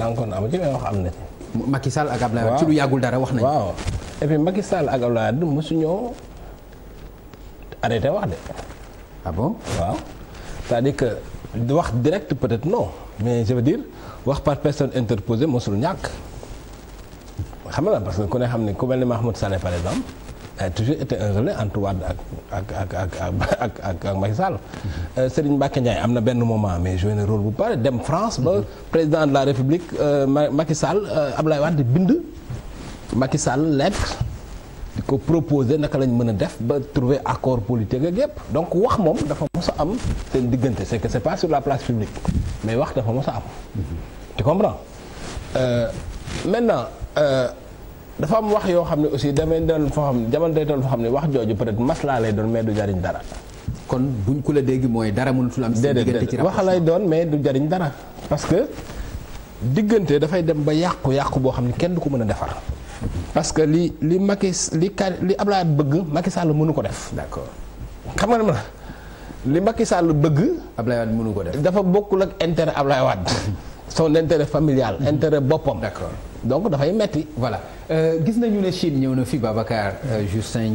dànkoon am ci may wax am na ci. ak Abdoulaye Wade lu yàggul dara wax nañu. waaw et puis Macky Sall ak Abdoulaye Wade mosuñoo arrêté wax de. Ah waaw. cest à wax direct peut-être non mais je veux dire wax par personne interposée mosul ñàkk xam nga parce que ku ne xam ne ku mel ni Mahmoud Saleh par exemple. a toujours été un relais entre Wade ak ak ak ak ak ak ak euh, am na benn moment mais joué na bu pare dem France ba président de la République euh, Macky Sall euh, Abdoulaye di bind makisal Sall lettre di ko proposer naka lañ mën a def ba trouver accord politique ak donc wax moom dafa mos a am seen diggante c'est que c'est pas sur la place publique mais wax dafa mos a am. tu comprends euh, maintenant. dafa am wax yoo xam ne aussi damay doon foo xam ne jamono day doon foo xam ne wax jooju peut-être maslaa lay doon mais du jariñ dara. kon bu ñu ko la dégg mooy dara mënatul am. seen diggante ci wax lay doon mais du jariñ dara. parce que diggante dafay dem ba yàqu yàqu boo xam ne kenn du ko mën a defar. parce que li li Macky li ka li Ablaye bëgg Macky Sall mënu ko def. d'accord xam nga ne ma li Macky Sall bëgg. Ablaye Wade mënu ko def dafa bokkul ak intérêt Ablaye Wade. la intérêt familial mhm. intérêt boppam d'accord donc dafay metti voilà euh, gis nañu ne Chine ñëw na fi Babacar euh, Justin